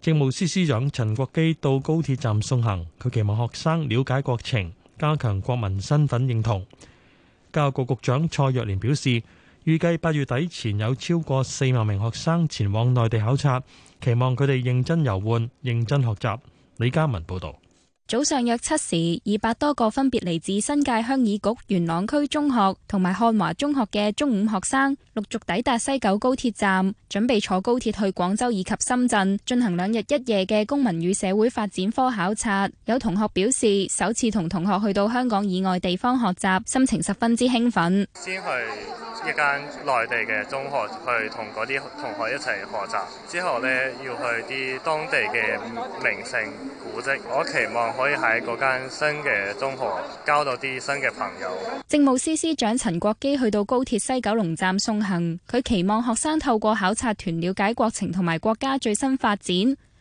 政務司司長陳國基到高鐵站送行，佢期望學生了解國情，加強國民身份認同。教育局局長蔡若蓮表示，預計八月底前有超過四萬名學生前往內地考察，期望佢哋認真遊玩、認真學習。李嘉文報道。早上約七時，二百多個分別嚟自新界鄉議局、元朗區中學同埋漢華中學嘅中五學生，陸續抵達西九高鐵站，準備坐高鐵去廣州以及深圳進行兩日一夜嘅公民與社會發展科考察。有同學表示，首次同同學去到香港以外地方學習，心情十分之興奮。先去一間內地嘅中學去同嗰啲同學一齊學習，之後呢要去啲當地嘅名勝古迹。我期望。可以喺嗰間新嘅中學交到啲新嘅朋友。政務司司長陳國基去到高鐵西九龍站送行，佢期望學生透過考察團了解國情同埋國家最新發展，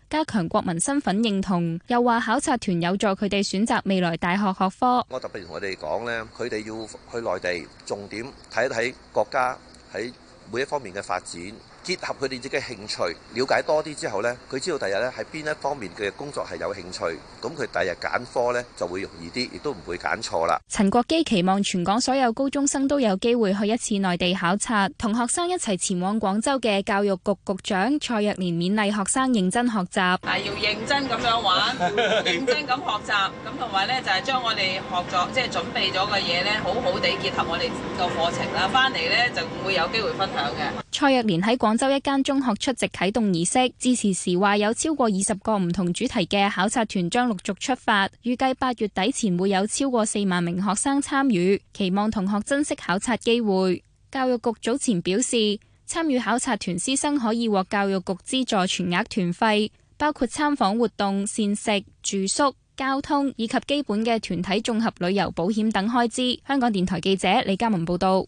加強國民身份認同。又話考察團有助佢哋選擇未來大學學科。我特別同佢哋講咧，佢哋要去內地重點睇一睇國家喺每一方面嘅發展。結合佢哋自己嘅興趣，了解多啲之後呢，佢知道第日咧喺邊一方面佢嘅工作係有興趣，咁佢第日揀科呢，就會容易啲，亦都唔會揀錯啦。陳國基期望全港所有高中生都有機會去一次內地考察，同學生一齊前往廣州嘅教育局局長蔡若蓮勉勵學生認真學習。啊，要認真咁樣玩， 認真咁學習，咁同埋呢，就係將我哋學咗即係準備咗嘅嘢呢，好好地結合我哋個課程啦，翻嚟呢，就會有機會分享嘅。蔡若蓮喺廣州一間中學出席啟動儀式，致辭時話有超過二十個唔同主題嘅考察團將陸續出發，預計八月底前會有超過四萬名學生參與，期望同學珍惜考察機會。教育局早前表示，參與考察團師生可以獲教育局資助全額團費，包括參訪活動、膳食、住宿、交通以及基本嘅團體綜合旅遊保險等開支。香港電台記者李嘉文報道。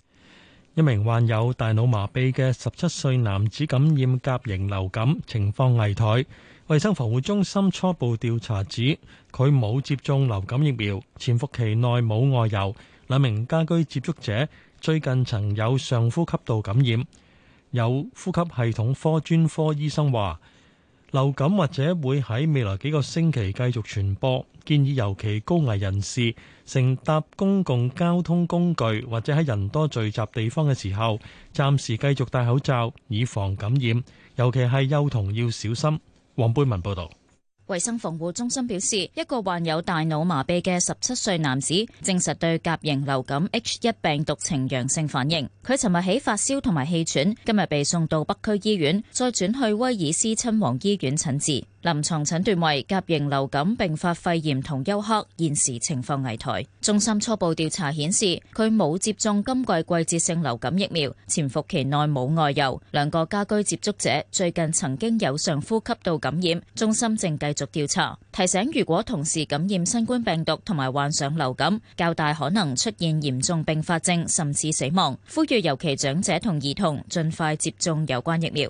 一名患有大腦麻痹嘅十七歲男子感染甲型流感，情況危殆。衛生防護中心初步調查指，佢冇接種流感疫苗，潛伏期內冇外遊。兩名家居接觸者最近曾有上呼吸道感染。有呼吸系統科專科醫生話。流感或者會喺未來幾個星期繼續傳播，建議尤其高危人士乘搭公共交通工具或者喺人多聚集地方嘅時候，暫時繼續戴口罩以防感染，尤其係幼童要小心。黃貝文報導。衛生防護中心表示，一個患有大腦麻痹嘅十七歲男子，證實對甲型流感 H1 病毒呈陽性反應。佢尋日起發燒同埋氣喘，今日被送到北區醫院，再轉去威爾斯親王醫院診治。臨床診斷為甲型流感併發肺炎同休克，現時情況危殆。中心初步調查顯示，佢冇接種今季季節性流感疫苗，潛伏期內冇外遊。兩個家居接觸者最近曾經有上呼吸道感染，中心正繼續調查，提醒，如果同時感染新冠病毒同埋患上流感，較大可能出現嚴重併發症，甚至死亡。呼籲尤其長者同兒童盡快接種有關疫苗。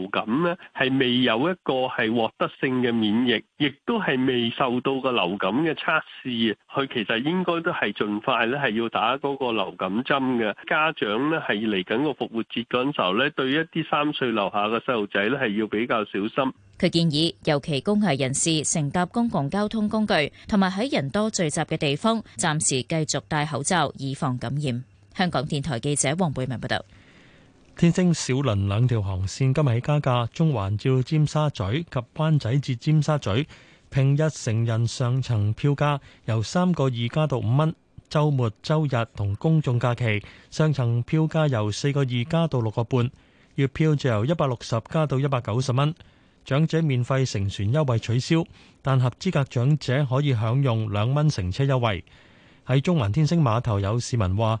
流感咧係未有一個係獲得性嘅免疫，亦都係未受到個流感嘅測試，佢其實應該都係盡快咧係要打嗰個流感針嘅。家長咧係嚟緊個復活節嗰陣時候咧，對一啲三歲樓下嘅細路仔咧係要比較小心。佢建議，尤其高危人士乘搭公共交通工具，同埋喺人多聚集嘅地方，暫時繼續戴口罩，以防感染。香港電台記者黃貝文報道。天星小輪兩條航線今日起加價，中環照尖沙咀及灣仔至尖沙咀，平日成人上層票價由三個二加到五蚊，周末、周日同公眾假期上層票價由四個二加到六個半，月票就由一百六十加到一百九十蚊。長者免費乘船優惠取消，但合資格長者可以享用兩蚊乘車優惠。喺中環天星碼頭有市民話。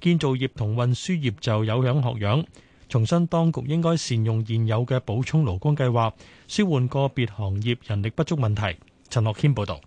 建造業同運輸業就有樣學樣，重申當局應該善用現有嘅補充勞工計劃，舒緩個別行業人力不足問題，陳樂謙報道。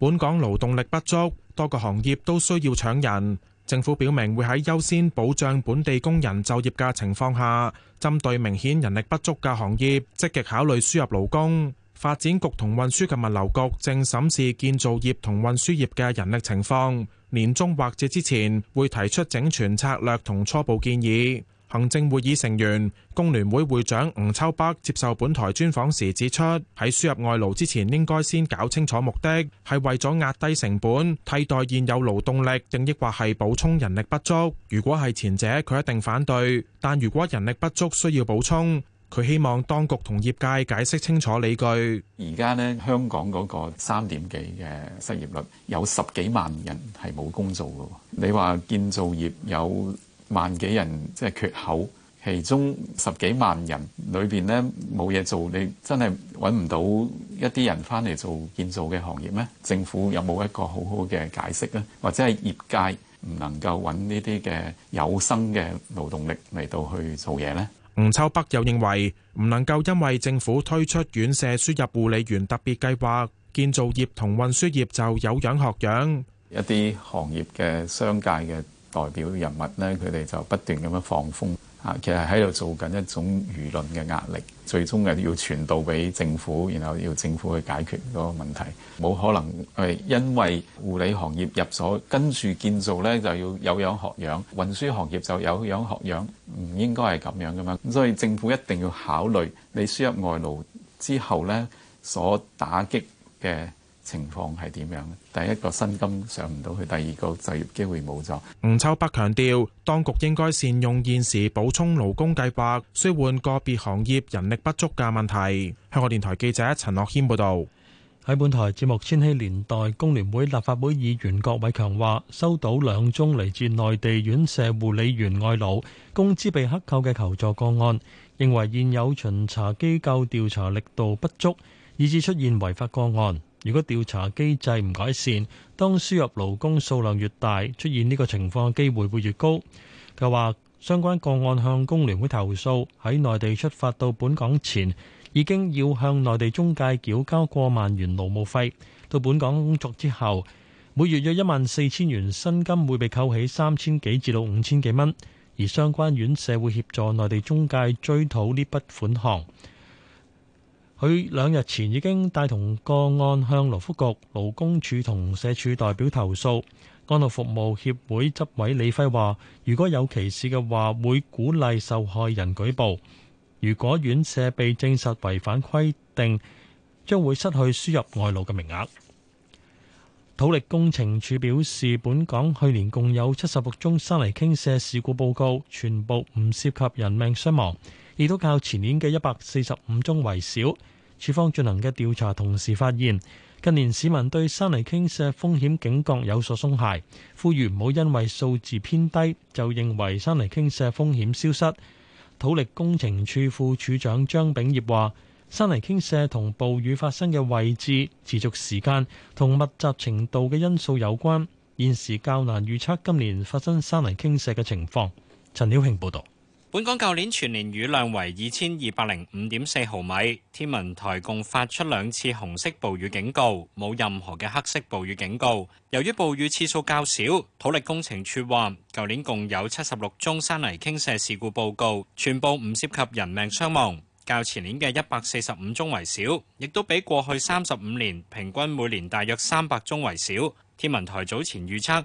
本港勞動力不足，多個行業都需要搶人。政府表明會喺優先保障本地工人就業嘅情況下，針對明顯人力不足嘅行業，積極考慮輸入勞工。發展局同運輸及物流局正審視建造業同運輸業嘅人力情況。年終或者之前會提出整全策略同初步建議。行政會議成員工聯會會長吳秋北接受本台專訪時指出，喺輸入外勞之前應該先搞清楚目的，係為咗壓低成本，替代現有勞動力，定抑或係補充人力不足？如果係前者，佢一定反對；但如果人力不足需要補充，佢希望當局同業界解釋清楚理據。而家咧，香港嗰個三點幾嘅失業率有十幾萬人係冇工做嘅。你話建造業有萬幾人即係、就是、缺口，其中十幾萬人裏邊咧冇嘢做，你真係揾唔到一啲人返嚟做建造嘅行業咩？政府有冇一個好好嘅解釋咧？或者係業界唔能夠揾呢啲嘅有生嘅勞動力嚟到去做嘢咧？吳秋北又認為，唔能夠因為政府推出院舍輸入護理員特別計劃，建造業同運輸業就有樣學樣。一啲行業嘅商界嘅代表人物呢，佢哋就不斷咁樣放風。啊，其實喺度做緊一種輿論嘅壓力，最終嘅要傳導，最終係要傳導俾政府，然後要政府去解決嗰個問題，冇可能係因為護理行業入所跟住建造呢，就要有樣學樣，運輸行業就有樣學樣，唔應該係咁樣噶嘛。所以政府一定要考慮你輸入外勞之後呢，所打擊嘅。情況係點樣？第一個薪金上唔到去，第二個就業機會冇咗。吳秋北強調，當局應該善用現時補充勞工計劃，舒緩個別行業人力不足嘅問題。香港電台記者陳樂軒報導。喺本台節目《千禧年代》，工聯會立法會議員郭偉強話：收到兩宗嚟自內地院舍護理員外勞工資被克扣嘅求助個案，認為現有巡查機構調查力度不足，以致出現違法個案。如果調查機制唔改善，當輸入勞工數量越大，出現呢個情況嘅機會會越高。佢話相關個案向工聯會投訴，喺內地出發到本港前已經要向內地中介繳交過萬元勞務費，到本港工作之後，每月約一萬四千元薪金會被扣起三千幾至到五千幾蚊，而相關院舍會協助內地中介追討呢筆款項。佢兩日前已經帶同個案向勞福局、勞工處同社署代表投訴。安老服務協會執委李輝話：如果有歧視嘅話，會鼓勵受害人舉報。如果院舍被證實違反規定，將會失去輸入外勞嘅名額。土力工程處表示，本港去年共有七十六宗山泥傾瀉事故報告，全部唔涉及人命傷亡。亦都較前年嘅一百四十五宗為少。處方進行嘅調查同時發現，近年市民對山泥傾瀉風險警覺有所鬆懈，呼籲唔好因為數字偏低就認為山泥傾瀉風險消失。土力工程處副處長張炳業話，山泥傾瀉同暴雨發生嘅位置、持續時間同密集程度嘅因素有關，現時較難預測今年發生山泥傾瀉嘅情況。陳曉慶報道。本港舊年全年雨量為二千二百零五點四毫米，天文台共發出兩次紅色暴雨警告，冇任何嘅黑色暴雨警告。由於暴雨次數較少，土力工程處話，舊年共有七十六宗山泥傾瀉事故報告，全部唔涉及人命傷亡，較前年嘅一百四十五宗為少，亦都比過去三十五年平均每年大約三百宗為少。天文台早前預測。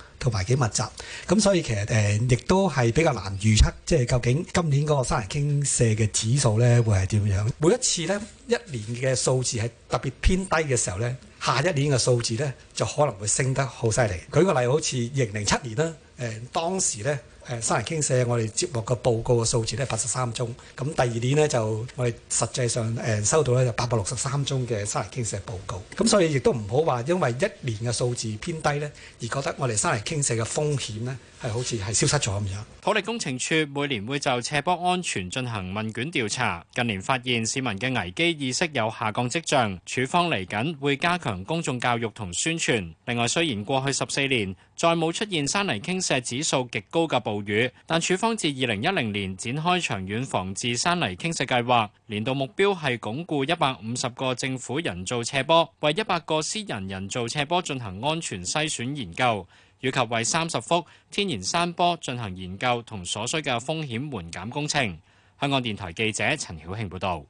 同埋幾密集，咁所以其實誒亦、呃、都係比較難預測，即、就、係、是、究竟今年嗰個山泥傾瀉嘅指數咧會係點樣？嗯、每一次咧一年嘅數字係特別偏低嘅時候咧，下一年嘅數字咧就可能會升得好犀利。舉個例好似二零零七年啦，誒、呃、當時咧。誒山泥傾瀉，我哋接落個報告嘅數字咧，八十三宗。咁第二年咧就我哋實際上誒收到咧就八百六十三宗嘅山泥傾瀉報告。咁所以亦都唔好話因為一年嘅數字偏低咧，而覺得我哋山泥傾瀉嘅風險咧係好似係消失咗咁樣。土力工程處每年會就斜坡安全進行問卷調查，近年發現市民嘅危機意識有下降跡象，處方嚟緊會加強公眾教育同宣傳。另外雖然過去十四年，再冇出現山泥傾瀉指數極高嘅暴雨，但處方自二零一零年展開長遠防治山泥傾瀉計劃，年度目標係鞏固一百五十個政府人造斜坡，為一百個私人人造斜坡進行安全篩選研究，以及為三十幅天然山坡進行研究同所需嘅風險緩減工程。香港電台記者陳曉慶報導。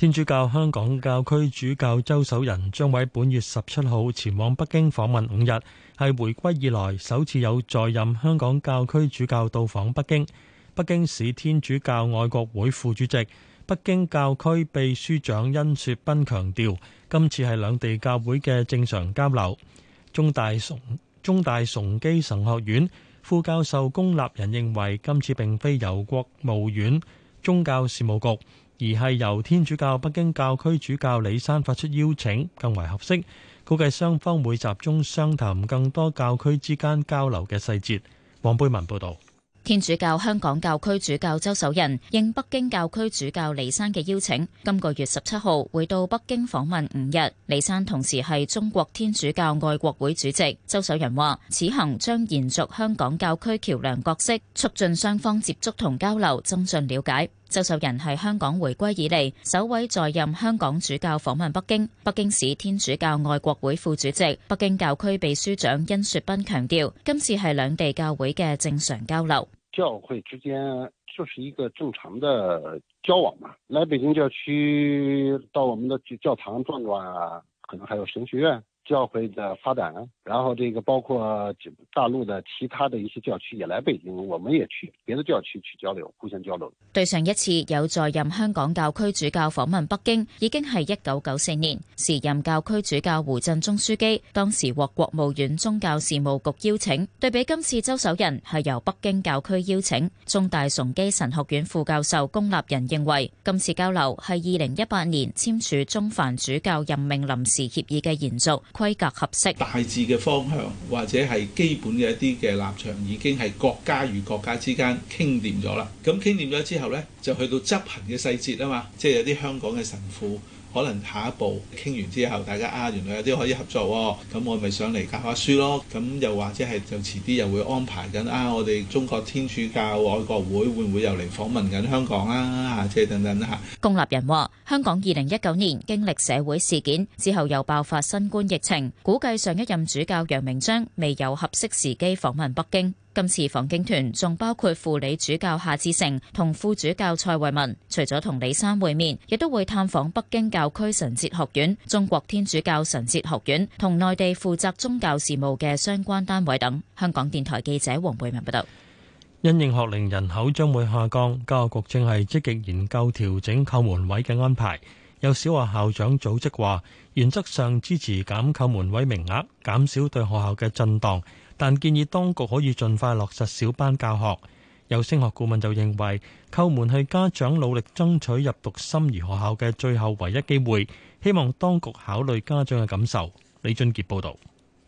天主教香港教區主教周守仁將喺本月十七號前往北京訪問五日，係回歸以來首次有在任香港教區主教到訪北京。北京市天主教愛國會副主席、北京教區秘書長殷雪斌強調，今次係兩地教會嘅正常交流。中大崇中大崇基神學院副教授龔立人認為，今次並非由國務院宗教事務局，而係由天主教北京教區主教李山發出邀請，更為合適。估計雙方會集中商談更多教區之間交流嘅細節。黃貝文報道，天主教香港教區主教周守仁應北京教區主教李山嘅邀請，今個月十七號會到北京訪問五日。李山同時係中國天主教愛國會主席。周守仁話：此行將延續香港教區橋梁角色，促進雙方接觸同交流，增進了解。周守仁係香港回歸以嚟首位在任香港主教訪問北京。北京市天主教愛國會副主席、北京教區秘書長殷雪斌強調，今次係兩地教會嘅正常交流。教會之間，就是一個正常的交往嘛，來北京教區到我們的教堂轉轉，可能還有神學院。教會的發展然後這個包括大陸的其他的一些教區也來北京，我們也去別的教區去交流，互相交流。對上一次有在任香港教區主教訪問北京，已經係一九九四年，時任教區主教胡振中樞機當時獲國務院宗教事務局邀請。對比今次周守仁係由北京教區邀請，中大崇基神學院副教授龔立人認為，今次交流係二零一八年簽署中梵主教任命臨時協議嘅延續。規格合適，大致嘅方向或者係基本嘅一啲嘅立場，已經係國家與國家之間傾掂咗啦。咁傾掂咗之後呢，就去到執行嘅細節啊嘛，即係有啲香港嘅神父。可能下一步傾完之後，大家啊原來有啲可以合作喎，咁我咪上嚟教下書咯。咁又或者係就遲啲又會安排緊啊，我哋中國天主教愛國會會唔會又嚟訪問緊香港啊？即係等等啦。公立人話：香港二零一九年經歷社會事件之後，又爆發新冠疫情，估計上一任主教楊鳴章未有合適時機訪問北京。今次訪京團仲包括輔理主教夏志誠同副主教蔡慧文，除咗同李生會面，亦都會探訪北京教區神哲學院、中國天主教神哲學院同內地負責宗教事務嘅相關單位等。香港電台記者黃貝文報道。因應學齡人口將會下降，教育局正係積極研究調整叩門位嘅安排。有小學校長組織話，原則上支持減叩門位名額，減少對學校嘅震盪。但建議當局可以盡快落實小班教學。有升學顧問就認為，叩門係家長努力爭取入讀心儀學校嘅最後唯一機會，希望當局考慮家長嘅感受。李俊傑報導。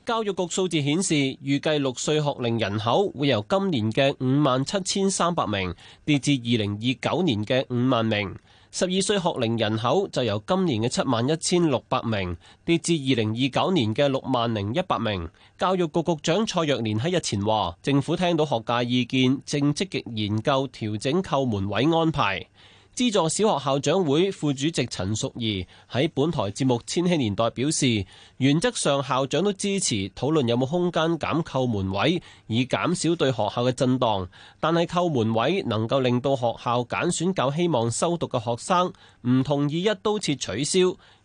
教育局數字顯示，預計六歲學齡人口會由今年嘅五萬七千三百名跌至二零二九年嘅五萬名。十二歲學齡人口就由今年嘅七萬一千六百名跌至二零二九年嘅六萬零一百名。教育局局長蔡若蓮喺日前話，政府聽到學界意見，正積極研究調整扣門位安排。資助小學校長會副主席陳淑儀喺本台節目《千禧年代》表示，原則上校長都支持討論有冇空間減扣門位，以減少對學校嘅震盪。但係扣門位能夠令到學校揀選較希望修讀嘅學生，唔同意一刀切取消，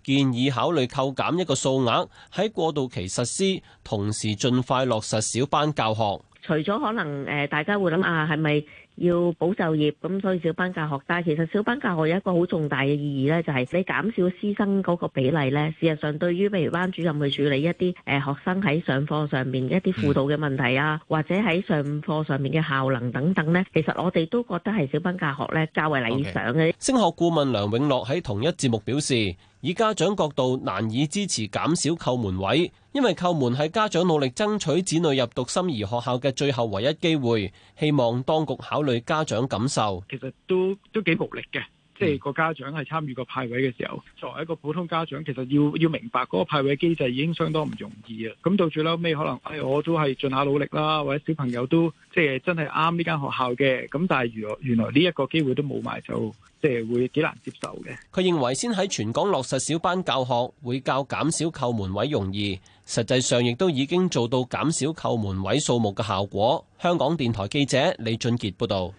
建議考慮扣減一個數額喺過渡期實施，同時盡快落實小班教學。除咗可能誒，大家會諗啊，係咪？要補就業，咁所以小班教學。但係其實小班教學有一個好重大嘅意義咧，就係、是、你減少師生嗰個比例咧，事實上對於譬如班主任去處理一啲誒學生喺上課上面一啲輔導嘅問題啊，嗯、或者喺上課上面嘅效能等等咧，其實我哋都覺得係小班教學咧較為理想嘅。升、okay. 學顧問梁永樂喺同一節目表示。以家長角度難以支持減少叩門位，因為叩門係家長努力爭取子女入讀心儀學校嘅最後唯一機會，希望當局考慮家長感受。其實都都幾無力嘅。即係個家長係參與個派位嘅時候，作為一個普通家長，其實要要明白嗰個派位機制已經相當唔容易啦。咁到最後尾，可能誒我都係盡下努力啦，或者小朋友都即係真係啱呢間學校嘅。咁但係原來原來呢一個機會都冇埋，就即係會幾難接受嘅。佢認為先喺全港落實小班教學，會較減少扣門位容易。實際上亦都已經做到減少扣門位數目嘅效果。香港電台記者李俊傑報導。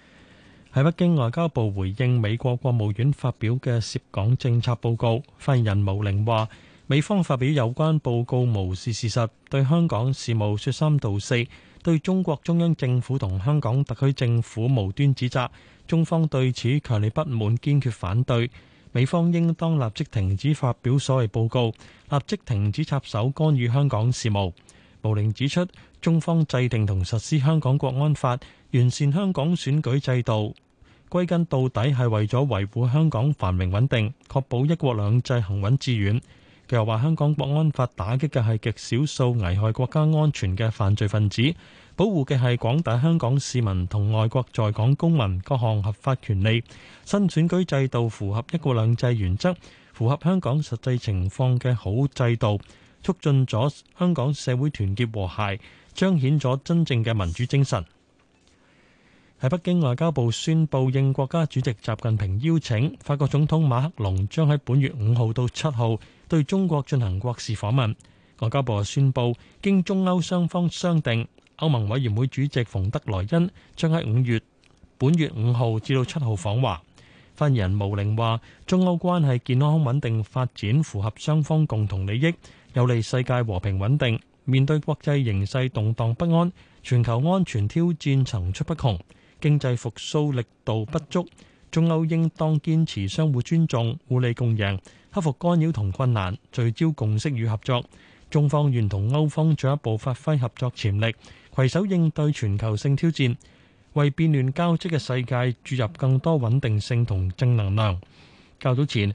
喺北京外交部，回應美國國務院發表嘅涉港政策報告，發言人毛寧話：美方發表有關報告無視事，事實，對香港事務說三道四，對中國中央政府同香港特區政府無端指責，中方對此強烈不滿，堅決反對。美方應當立即停止發表所謂報告，立即停止插手干預香港事務，毛寧指出。中方制定同實施香港國安法，完善香港選舉制度，歸根到底係為咗維護香港繁榮穩定，確保一國兩制行穩致遠。佢又話香港國安法打擊嘅係極少數危害國家安全嘅犯罪分子，保護嘅係廣大香港市民同外國在港公民各項合法權利。新選舉制度符合一國兩制原則，符合香港實際情況嘅好制度，促進咗香港社會團結和諧。彰顯咗真正嘅民主精神。喺北京，外交部宣布，應國家主席習近平邀請，法國總統馬克龍將喺本月五號到七號對中國進行國事訪問。外交部宣布，經中歐雙方商定，歐盟委員會主席馮德萊恩將喺五月、本月五號至到七號訪華。發言人毛寧話：中歐關係健康穩定發展，符合雙方共同利益，有利世界和平穩定。面對國際形勢動盪不安、全球安全挑戰層出不窮、經濟復甦力度不足，中歐應當堅持相互尊重、互利共贏，克服干擾同困難，聚焦共識與合作。中方願同歐方進一步發揮合作潛力，攜手應對全球性挑戰，為變亂交織嘅世界注入更多穩定性同正能量。較早前，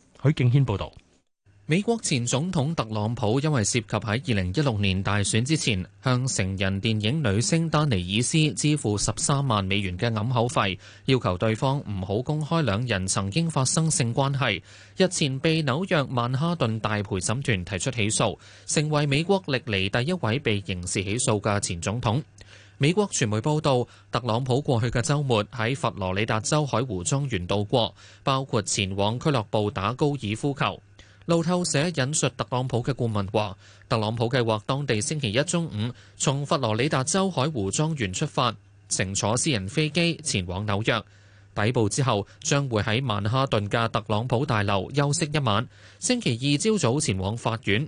許敬軒報道：美國前總統特朗普因為涉及喺二零一六年大選之前向成人電影女星丹尼爾斯支付十三萬美元嘅暗口費，要求對方唔好公開兩人曾經發生性關係，日前被紐約曼哈頓大陪審團提出起訴，成為美國歷嚟第一位被刑事起訴嘅前總統。美國傳媒報道，特朗普過去嘅周末喺佛羅里達州海湖莊園度過，包括前往俱樂部打高爾夫球。路透社引述特朗普嘅顧問話，特朗普計劃當地星期一中午從佛羅里達州海湖莊園出發，乘坐私人飛機前往紐約。抵步之後，將會喺曼哈頓嘅特朗普大樓休息一晚。星期二朝早前往法院。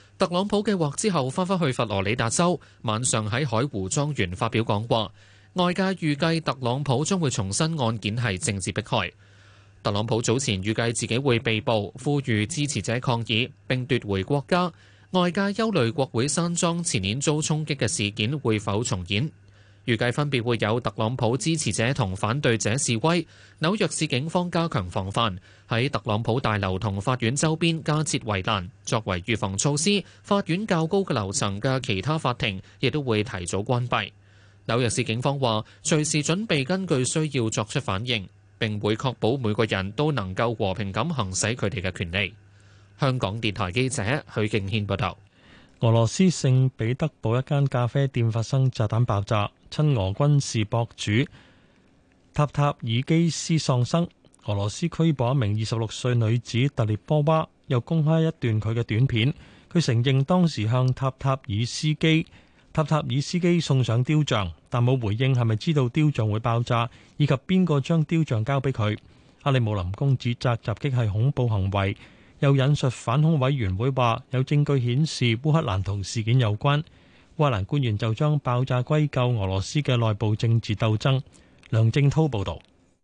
特朗普計劃之後，翻返去佛羅里達州，晚上喺海湖莊園發表講話。外界預計特朗普將會重新案件係政治迫害。特朗普早前預計自己會被捕，呼籲支持者抗議並奪回國家。外界憂慮國會山莊前年遭衝擊嘅事件會否重演。預計分別會有特朗普支持者同反對者示威。紐約市警方加強防範，喺特朗普大樓同法院周邊加設圍欄作為預防措施。法院較高嘅樓層嘅其他法庭亦都會提早關閉。紐約市警方話隨時準備根據需要作出反應，並會確保每個人都能夠和平咁行使佢哋嘅權利。香港電台記者許敬軒報道。俄羅斯聖彼得堡一間咖啡店發生炸彈爆炸。親俄軍事博主塔塔爾基斯喪生，俄羅斯拘捕一名二十六歲女子特列波娃，又公開一段佢嘅短片。佢承認當時向塔塔爾斯基、塔塔爾斯基送上雕像，但冇回應係咪知道雕像會爆炸，以及邊個將雕像交俾佢。克里姆林宮指責襲擊係恐怖行為，又引述反恐委員會話有證據顯示烏克蘭同事件有關。瓜蘭官員就將爆炸歸咎俄羅斯嘅內部政治鬥爭，梁正濤報道。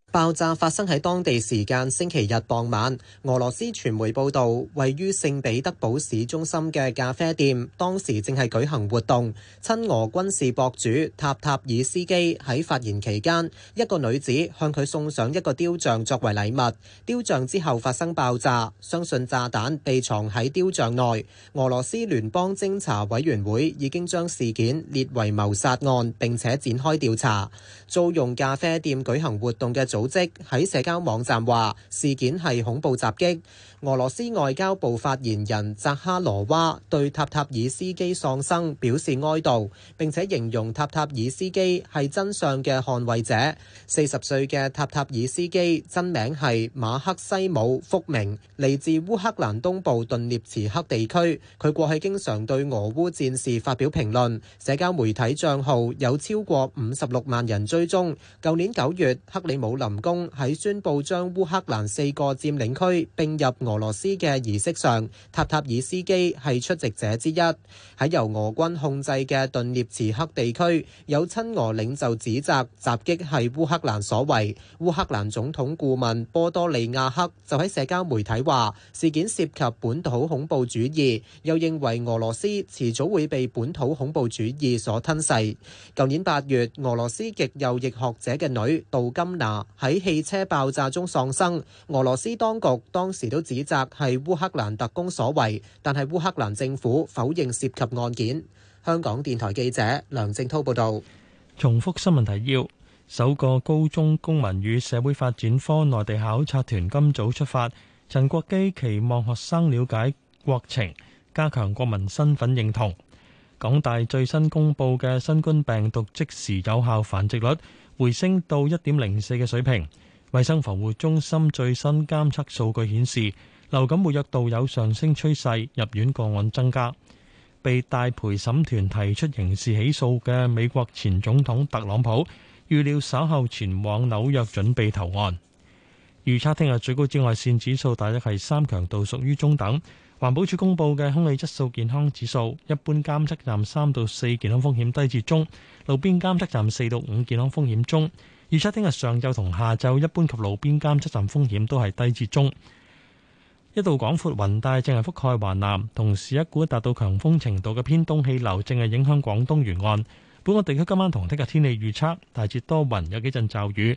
爆炸發生喺當地時間星期日傍晚。俄羅斯傳媒報道，位於聖彼得堡市中心嘅咖啡店當時正係舉行活動。親俄軍事博主塔塔爾斯基喺發言期間，一個女子向佢送上一個雕像作為禮物。雕像之後發生爆炸，相信炸彈被藏喺雕像內。俄羅斯聯邦偵查委員會已經將事件列為謀殺案，並且展開調查。租用咖啡店舉行活動嘅組織喺社交網站話事件係恐怖襲擊。俄羅斯外交部發言人扎哈羅娃對塔塔爾斯基喪生表示哀悼，並且形容塔塔爾斯基係真相嘅捍衛者。四十歲嘅塔塔爾斯基真名係馬克西姆·福明，嚟自烏克蘭東部頓涅茨克地區。佢過去經常對俄烏戰事發表評論，社交媒體賬號有超過五十六萬人追蹤。舊年九月，克里姆林臨工喺宣布，將烏克蘭四個佔領區併入俄羅斯嘅儀式上，塔塔爾斯基係出席者之一。喺由俄軍控制嘅頓涅茨克地區有親俄領袖指責襲擊係烏克蘭所為，烏克蘭總統顧問波多利亞克就喺社交媒體話事件涉及本土恐怖主義，又認為俄羅斯遲早會被本土恐怖主義所吞噬。舊年八月，俄羅斯極右翼學者嘅女杜金娜喺汽車爆炸中喪生，俄羅斯當局當時都指責係烏克蘭特工所為，但係烏克蘭政府否認涉及案件。香港電台記者梁正滔報導。重複新聞提要：首個高中公民與社會發展科內地考察團今早出發，陳國基期望學生了解國情，加強國民身份認同。港大最新公布嘅新冠病毒即時有效繁殖率，回升到一點零四嘅水平。衛生防護中心最新監測數據顯示，流感活躍度有上升趨勢，入院個案增加。被大陪審團提出刑事起訴嘅美國前總統特朗普，預料稍後前往紐約準備投案。預測聽日最高紫外線指數大約係三強度，屬於中等。環保署公布嘅空氣質素健康指數，一般監測站三到四健康風險低至中，路邊監測站四到五健康風險中。預測聽日上晝同下晝，一般及路邊監測站風險都係低至中。一度廣闊雲帶正係覆蓋華南，同時一股達到強風程度嘅偏東氣流正係影響廣東沿岸。本港地區今晚同聽日天氣預測，大致多雲，有幾陣驟雨。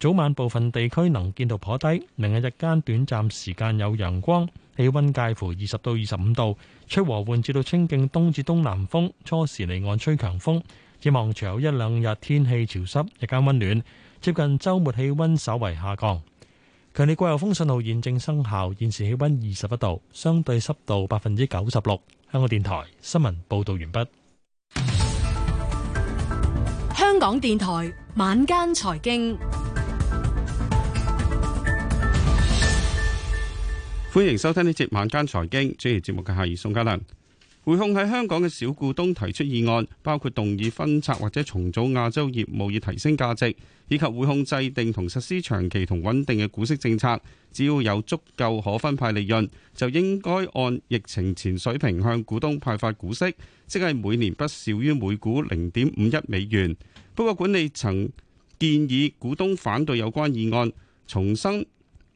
早晚部分地區能見度頗低，明日日間短暫時間有陽光，氣温介乎二十到二十五度，吹和緩至到清勁東至東南風，初時離岸吹強風。展望隨後有一兩日天氣潮濕，日間温暖，接近周末氣温稍為下降。強烈季候風信號現正生效，現時氣温二十一度，相對濕度百分之九十六。香港電台新聞報道完畢。香港電台晚間財經。歡迎收聽呢節晚間財經，主持節目嘅係宋嘉良。匯控喺香港嘅小股東提出議案，包括動議分拆或者重組亞洲業務以提升價值，以及匯控制定同實施長期同穩定嘅股息政策。只要有足夠可分派利潤，就應該按疫情前水平向股東派發股息，即係每年不少於每股零點五一美元。不過管理層建議股東反對有關議案，重申，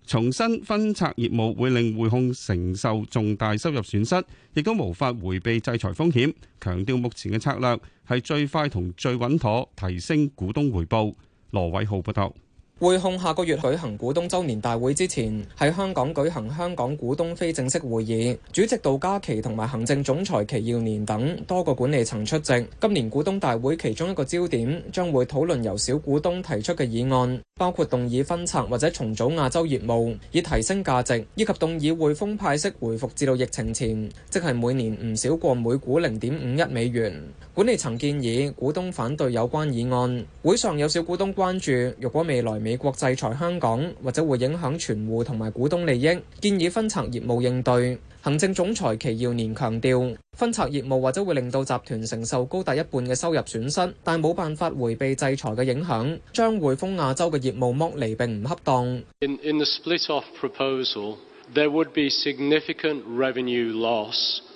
重新分拆業務會令匯控承受重大收入損失，亦都無法迴避制裁風險，強調目前嘅策略係最快同最穩妥提升股東回報。羅偉浩報道。匯控下個月舉行股東周年大會之前，喺香港舉行香港股東非正式會議，主席杜嘉琪同埋行政總裁祁耀年等多個管理層出席。今年股東大會其中一個焦點將會討論由小股東提出嘅議案，包括動議分拆或者重組亞洲業務以提升價值，以及動議匯豐派息回復至到疫情前，即係每年唔少過每股零點五一美元。管理層建議股東反對有關議案。會上有小股東關注，如果未來美國制裁香港，或者會影響全戶同埋股東利益，建議分拆業務應對。行政總裁祁耀年強調，分拆業務或者會令到集團承受高達一半嘅收入損失，但冇辦法回避制裁嘅影響。將匯豐亞洲嘅業務剝離並唔恰當。In, in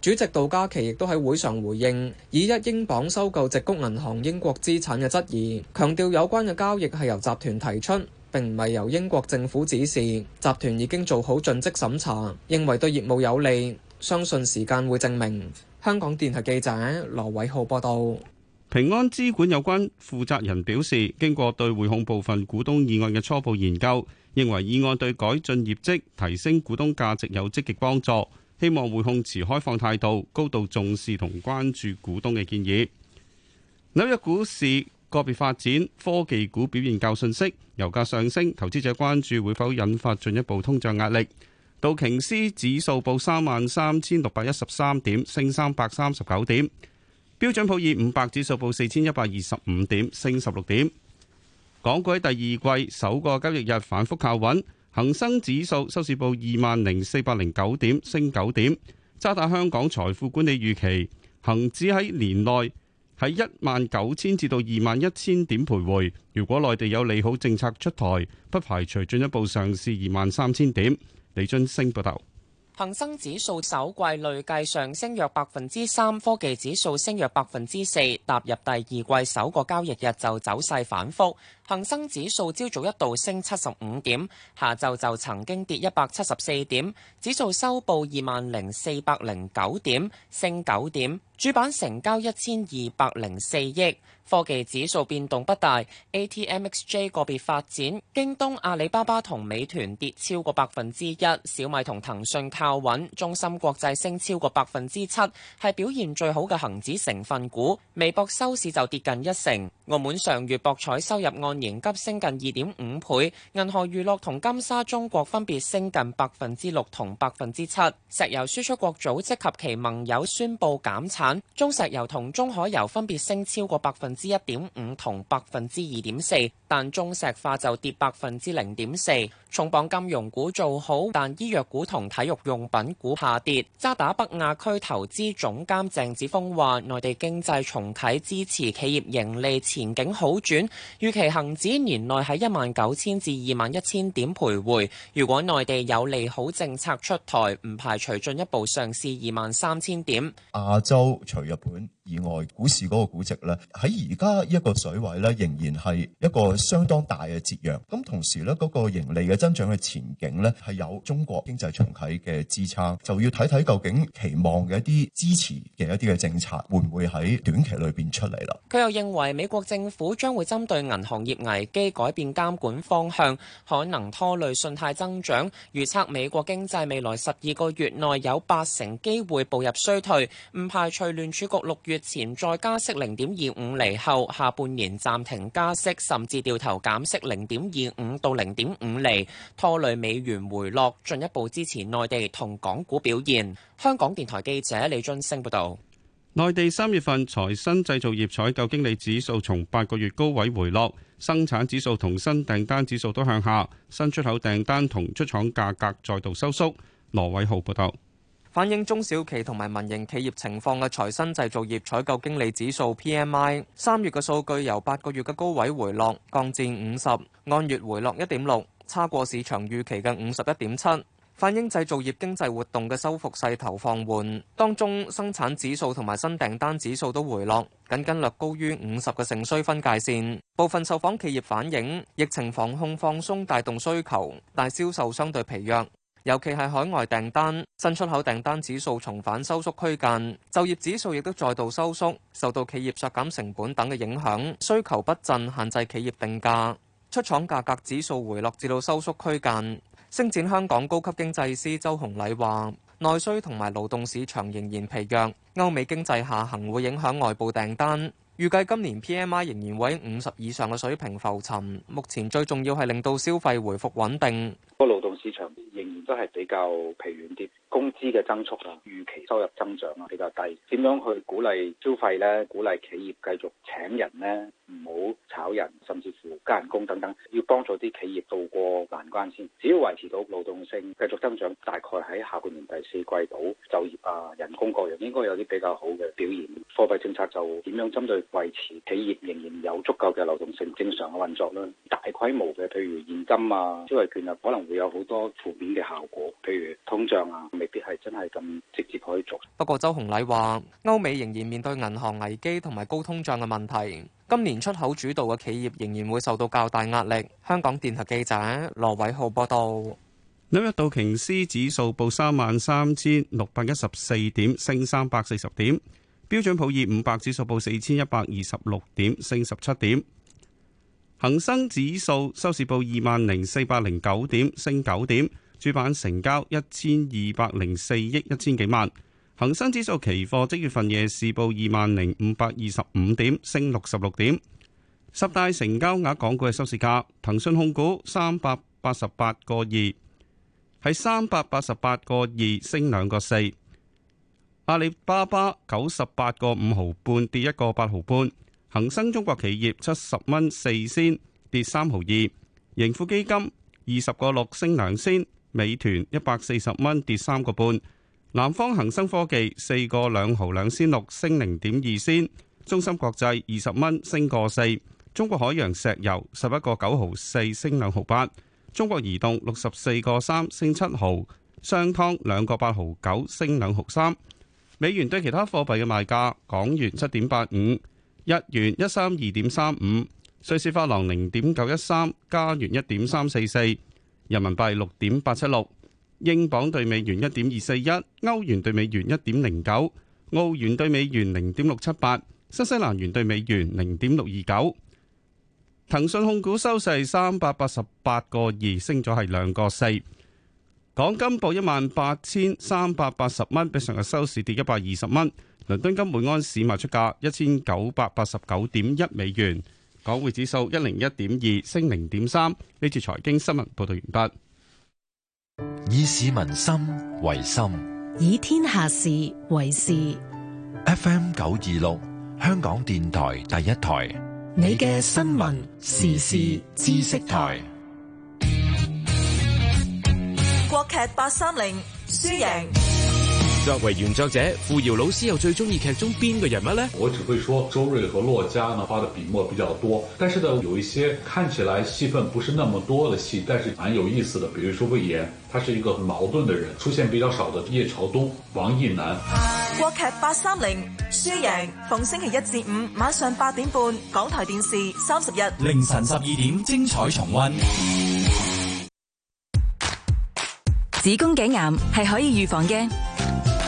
主席杜嘉祺亦都喺會上回應，以一英鎊收購矽谷銀行英國資產嘅質疑，強調有關嘅交易係由集團提出，並唔係由英國政府指示。集團已經做好盡職審查，認為對業務有利，相信時間會證明。香港電台記者羅偉浩報道。平安資管有關負責人表示，經過對匯控部分股東議案嘅初步研究，認為議案對改進業績、提升股東價值有積極幫助。希望會控持開放態度，高度重視同關注股東嘅建議。紐約股市個別發展，科技股表現較遜色，油價上升，投資者關注會否引發進一步通脹壓力。道瓊斯指數報三萬三千六百一十三點，升三百三十九點。標準普爾五百指數報四千一百二十五點，升十六點。港股喺第二季首個交易日反覆靠穩。恒生指數收市報二萬零四百零九點，升九點。渣打香港財富管理預期，恒指喺年內喺一萬九千至到二萬一千點徘徊。如果內地有利好政策出台，不排除進一步嘗試二萬三千點。李津升報道。恒生指數首季累計上升約百分之三，科技指數升約百分之四。踏入第二季首個交易日就走勢反覆。恒生指數朝早一度升七十五點，下晝就曾經跌一百七十四點，指數收報二萬零四百零九點，升九點。主板成交一千二百零四億。科技指數變動不大。A T M X J 個別發展，京東、阿里巴巴同美團跌超過百分之一，小米同騰訊靠穩，中芯國際升超過百分之七，係表現最好嘅恒指成分股。微博收市就跌近一成。澳門上月博彩收入按仍急升近二點五倍，銀河娛樂同金沙中國分別升近百分之六同百分之七。石油輸出國組織及其盟友宣布減產，中石油同中海油分別升超過百分之一點五同百分之二點四，但中石化就跌百分之零點四。重磅金融股做好，但醫藥股同體育用品股下跌。渣打北亞區投資總監鄭子峰話：內地經濟重啟支持企業盈利前景好轉，預期行。指年內喺一萬九千至二萬一千點徘徊。如果內地有利好政策出台，唔排除進一步上試二萬三千點。亞洲除日本以外，股市嗰個估值咧，喺而家一個水位咧，仍然係一個相當大嘅折讓。咁同時咧，嗰個盈利嘅增長嘅前景咧，係有中國經濟重啟嘅支撐，就要睇睇究竟期望嘅一啲支持嘅一啲嘅政策會唔會喺短期裏邊出嚟啦。佢又認為美國政府將會針對銀行業。業危機改變監管方向，可能拖累信貸增長。預測美國經濟未來十二個月內有八成機會步入衰退，唔排除聯儲局六月前再加息零點二五厘後，下半年暫停加息，甚至掉頭減息零點二五到零點五厘，拖累美元回落，進一步支持內地同港股表現。香港電台記者李津升報道。內地三月份財新製造業採購經理指數從八個月高位回落，生產指數同新訂單指數都向下，新出口訂單同出廠價格再度收縮。羅偉浩報導。反映中小企同埋民營企業情況嘅財新製造業採購經理指數 PMI 三月嘅數據由八個月嘅高位回落，降至五十，按月回落一點六，差過市場預期嘅五十一點七。反映製造業經濟活動嘅收復勢頭放緩，當中生產指數同埋新訂單指數都回落，僅僅略高於五十個成衰分界線。部分受訪企業反映，疫情防控放鬆帶動需求，但銷售相對疲弱，尤其係海外訂單。新出口訂單指數重返收縮區間，就業指數亦都再度收縮，受到企業削減成本等嘅影響，需求不振限制企業定價。出廠價格指數回落至到收縮區間。星展香港高級經濟師周洪禮話，內需同埋勞動市場仍然疲弱，歐美經濟下行會影響外部訂單。預計今年 PMI 仍然會喺五十以上嘅水平浮沉。目前最重要係令到消費回復穩定。個勞動市場。仍然都係比較疲軟啲，工資嘅增速啊，預期收入增長啊比較低。點樣去鼓勵消費咧？鼓勵企業繼續請人咧，唔好炒人，甚至乎加人工等等，要幫助啲企業渡過難關先。只要維持到勞動性繼續增長，大概喺下半年第四季度，就業啊、人工個人應該有啲比較好嘅表現。貨幣政策就點樣針對維持企業仍然有足夠嘅流動性正常嘅運作咧？大規模嘅譬如現金啊、消費券啊，可能會有好多負面。嘅效果，譬如通脹啊，未必係真係咁直接可以做。不過，周洪禮話：歐美仍然面對銀行危機同埋高通脹嘅問題。今年出口主導嘅企業仍然會受到較大壓力。香港電台記者羅偉浩報道。紐約道瓊斯指數報三萬三千六百一十四點，升三百四十點。標準普爾五百指數報四千一百二十六點，升十七點。恒生指數收市報二萬零四百零九點，升九點。主板成交一千二百零四億一千幾萬，恒生指數期貨即月份夜市報二萬零五百二十五點，升六十六點。十大成交額港股嘅收市價，騰訊控股三百八十八個二，喺三百八十八個二升兩個四。阿里巴巴九十八個五毫半，跌一個八毫半。恒生中國企業七十蚊四仙，跌三毫二。盈富基金二十個六升兩仙。美團一百四十蚊跌三個半，南方恒生科技四個兩毫兩仙六升零點二仙，中芯國際二十蚊升個四，中國海洋石油十一個九毫四升兩毫八，中國移動六十四個三升七毫，商湯兩個八毫九升兩毫三，美元兌其他貨幣嘅賣價，港元七點八五，日元一三二點三五，瑞士法郎零點九一三，加元一點三四四。人民幣六點八七六，英鎊兌美元一點二四一，歐元兌美元一點零九，澳元兌美元零點六七八，新西蘭元兌美元零點六二九。騰訊控股收市三百八十八個二，升咗係兩個四。港金報一萬八千三百八十蚊，比上日收市跌一百二十蚊。倫敦金每盎司賣出價一千九百八十九點一美元。港匯指數一零一點二，升零點三，呢次財經新聞報道完畢。以市民心為心，以天下事為事。FM 九二六，香港電台第一台，你嘅新聞時事知識台。國劇八三零輸贏。作為原作者傅瑤老師又最中意劇中邊個人物呢？我只會說周瑞和洛家呢花的筆墨比較多，但是呢有一些看起來戲份不是那麼多的戲，但是蠻有意思的，比如說魏延，他是一個矛盾的人。出現比較少的葉朝東、王義南。國劇八三零輸贏逢星期一至五晚上八點半，港台電視三十日凌晨十二點，精彩重溫。嗯、子宮頸癌係可以預防嘅。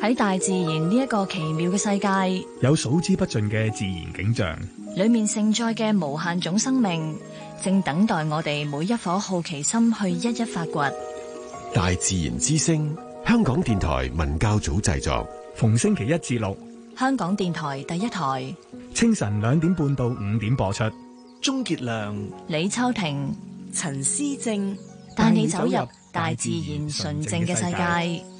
喺大自然呢一個奇妙嘅世界，有數之不盡嘅自然景象，裏面盛載嘅無限種生命，正等待我哋每一顆好奇心去一一發掘。大自然之聲，香港電台文教組製作，逢星期一至六，香港電台第一台，清晨兩點半到五點播出。鍾傑良、李秋婷、陳思正帶你走入大自然純正嘅世界。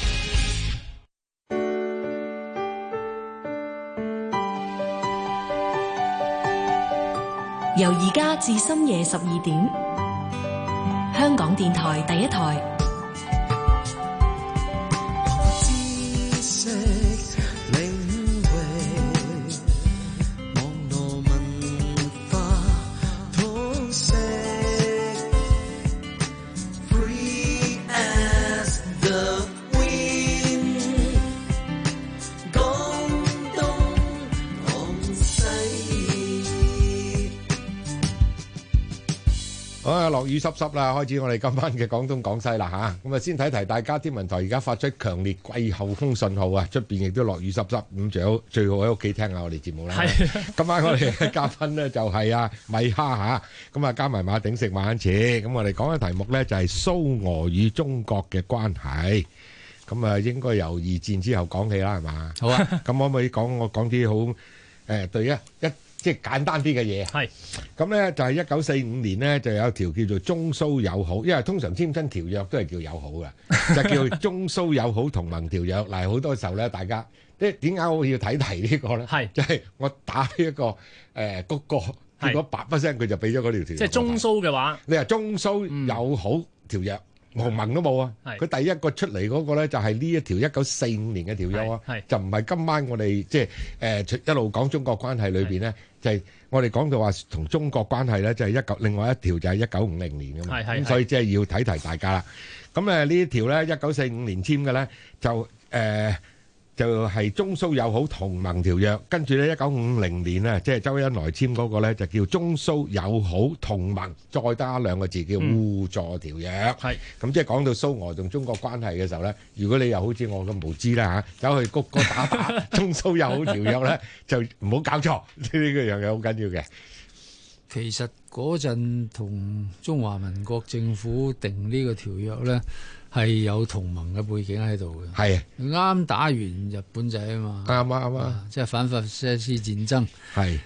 由而家至深夜十二點，香港電台第一台。落雨濕濕啦，開始我哋今晚嘅廣東廣西啦吓，咁啊先睇題，大家天文台而家發出強烈季候風信號啊，出邊亦都落雨濕濕，咁最好最好喺屋企聽下我哋節目啦。係，今晚我哋嘅嘉賓呢就係阿米蝦吓，咁啊加埋馬鼎盛萬錢，咁我哋講嘅題目呢就係蘇俄與中國嘅關係，咁啊應該由二戰之後講起啦，係嘛？好啊，咁可唔可以講我講啲好誒對一一？即係簡單啲嘅嘢，係咁咧就係一九四五年咧就有條叫做中蘇友好，因為通常簽親條約都係叫友好嘅，就叫中蘇友好同盟條約。嗱好多時候咧，大家即係點解我要睇題呢個咧？係即係我打一個誒谷歌，結果叭一聲佢就俾咗嗰條條約。即係中蘇嘅話，你話中蘇友好條約同盟都冇啊？佢第一個出嚟嗰個咧就係呢一條一九四五年嘅條約啊，就唔係今晚我哋即係誒一路講中國關係裏邊咧。就係我哋講到話同中國關係咧，就係一九，另外一條就係一九五零年啊嘛，咁是所以即係要提提大家啦。咁呢一條咧，一九四五年簽嘅咧就、呃就係中蘇友好同盟條約，跟住咧一九五零年咧，即係周恩來簽嗰個咧，就叫中蘇友好同盟，再加兩個字叫互助條約。係咁，即係講到蘇俄同中國關係嘅時候咧，如果你又好似我咁無知啦嚇，走去谷歌打中蘇友好條約咧，就唔好搞錯呢個樣嘢，好緊要嘅。其實嗰陣同中華民國政府定呢個條約咧。係有同盟嘅背景喺度嘅，係啱、啊、打完日本仔啊嘛，啱啊啱啊，即係反法西斯戰爭，係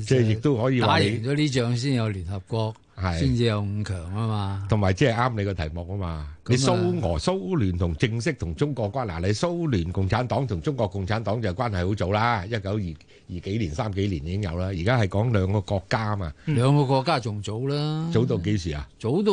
即係亦都可以打贏咗呢仗先有聯合國，先至、啊、有五強啊嘛。同埋即係啱你個題目啊嘛，啊你蘇俄蘇聯同正式同中國關嗱、啊，你蘇聯共產黨同中國共產黨就關係好早啦，一九二二幾年三幾年已經有啦。而家係講兩個國家啊嘛，嗯、兩個國家仲早啦，早到幾時啊？早到。